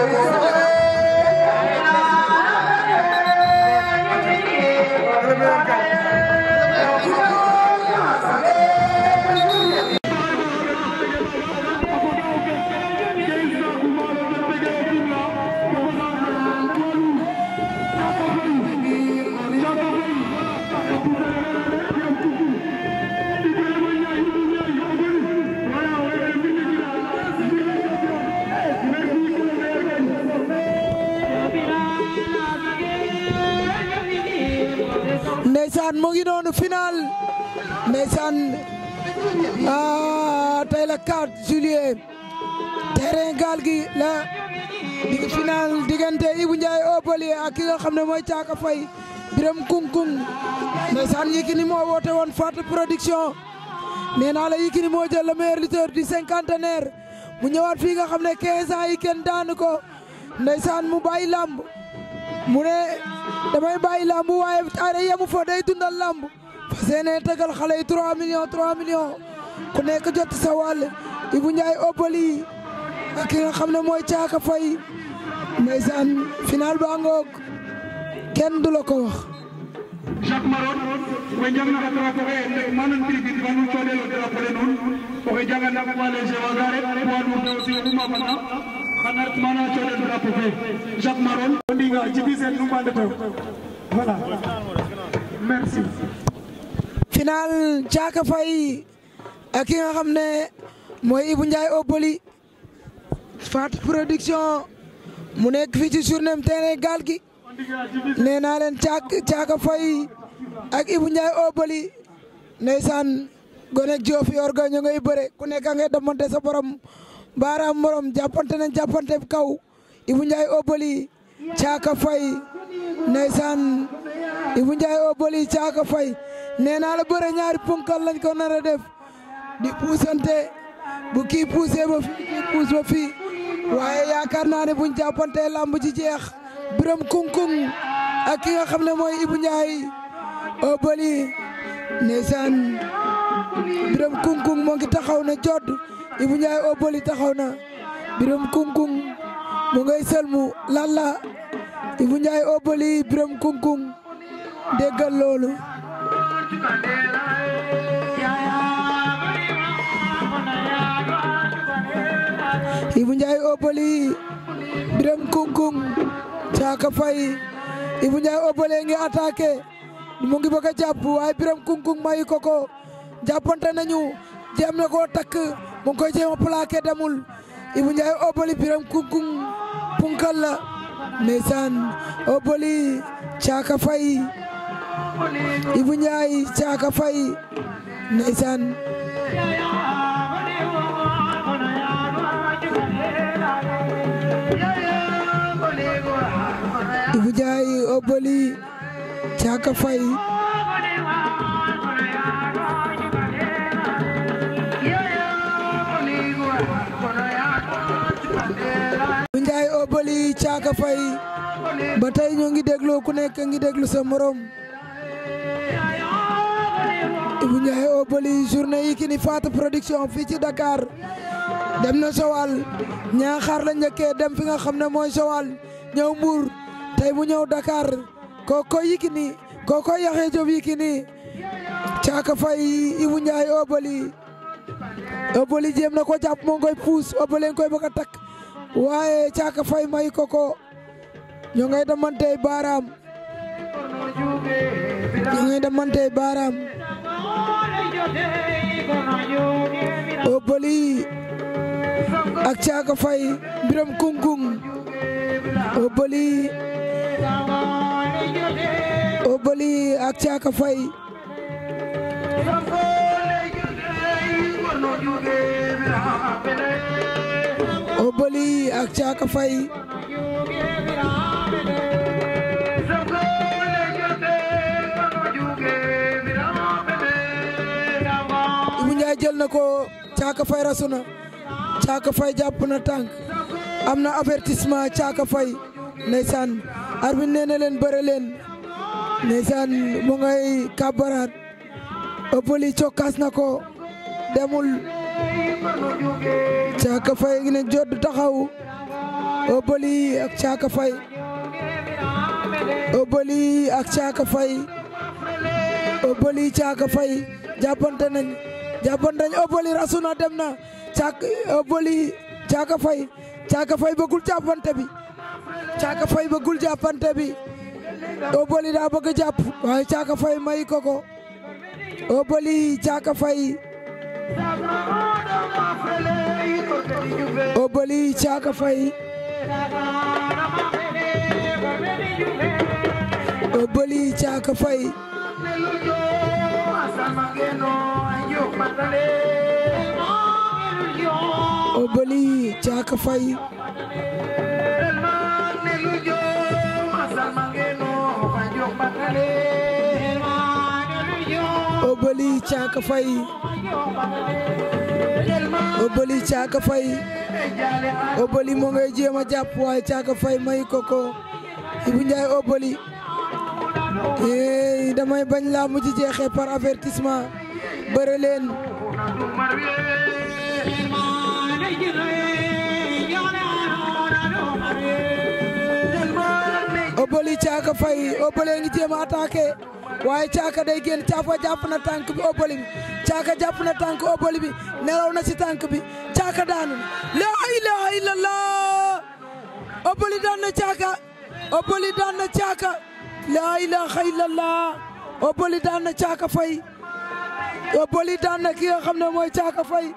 Thank you. ndeysaan mu ngi noonu final ndeysaan ah tey la 4 gi la diggante Ibou Ndiaye Obali ak xam ne mooy Caaka Fay Biram Kungkung ndeysaan woon Fatou production nee naa la Yékini moo jël le meilleur lutteur mu ñëwaat fii nga xam ne 15 ans yi kenn daanu ko ndeysaan mu bàyyi làmb mu ne. damay bàyyi lamb waaye aada yemu fa day dundal lamb fas yéene tëgal xale yi 3 millions 3 millions ku nekk jot sa wàll Ibou Ndiaye Obali ak ki nga xam ne mooy caaka fay ndeysaan final ba kenn du la ko wax. koy jangana drapeau xe mana cooxel drapeau fe Jacques voilà Djibi Sène nu mu ak ki nga xam ne mooy Ibou Ndiaye Oboli Fat production mu nekk fii ci journée terrain gaal gi nee naa leen Thiaka Thiaka Faye ak Ibou Ndiaye Oboli ndeysaan gonek Joof yor ga ñu ngay bëre ku nekk a borom baaraam morom jàppante nañ jàppante kaw Ibou Ndiaye Oboli caaka fay ndeysaan Ibou Ndiaye o boli caaka fay nee naa la bëre ñaari punkal lañ ko nar a def di puusante bu kii puusee ba fi puus ba fii waaye yaakaar naa ne buñ jàppante lamb ji jeex biram kunkung ak ki nga xam ne mooy Ibou Ndiaye o boli ndeysaan biram kunkung moo ngi taxaw na jot i Ndiaye o boli taxaw na biram kunkung mu ngay sëlmu lan la Ibou Ndiaye Obali oh Biram Kungkung déggal loolu Ibou Ndiaye Obali oh Biram Kungkung Caaka Fay Ibou Ndiaye Obali oh ngi attaqué mu ngi waaye Biram Kungkung mayu ko ko nañu jéem takk mu ngi koy jéem a plaqué demul Ibou Biram Kungkung punkal la ndeysaan Oboli Caaka Fay Ibu Caaka Fay ndeysaan Caaka Fay ba tey ñoo ngi déglu ku nekk ngi déglu sa morom Ibou Ndiaye Obali journée yi kini Fatou production fii ci Dakar dem na Joal Ñaaxaar la dem fi nga xam ne mooy Joal ñëw Mbour tey mu ñëw Dakar kooko Yékini kooko Yaxya Jóob Yékini Caaka Fay Ibou Ndiaye Obali Obali jéem na ko jàpp moo koy puus Obali koy bëgg a takk waaye caaka fay may ko ko ñu ngay damantey baaraam ñu ngay damantey baaraam o boli ak caaka fay mbiram kungkung o boli o boli ak caaka fay Guèye ak Caaka Faye Ibou Ndiaye jël na ko Caaka Faye rasu Caaka Faye jàpp na tànk am na avertissement Caaka Faye ndeysaan arbitre nee na leen bëre leen ndeysaan mu ngay kàbbaraat ëppali cokkaas na ko demul caaka fay ngi ne jodd taxaw Obeuly ak caaka fay Obeuly ak caaka fay Obeuly caaka fay jàppante nañ jàppante nañ Obeuly rasu dem na caaka Obeuly caaka fay caaka fay bëggul jàppante bi caaka fay bëggul jàppante bi Obeuly daa bëgg jàpp waaye caaka fay may ko ko Obeuly caaka fay o boli caaka fay o boli caaka fay Obali Caaka Fay Obali Caaka Fay Obali moo ngay jéem a jàpp waaye Caaka Fay may koko Ibou Ndiaye Obali eh, damay bañ laa mujj jeexee par avertissement bëre leen Caaka Fay Obali ngi jéem a attaqué waaye caaka day génn caaka jàpp na tànk bi oboli bi caaka jàpp na tànk oboli bi nelaw na ci tànk bi caaka daanu na laa ilaaha illallah oboli daan na caaka oboli daan na caaka laa ilaaha illallah oboli daan na caaka fay oboli daan na ki nga xam ne mooy caaka fay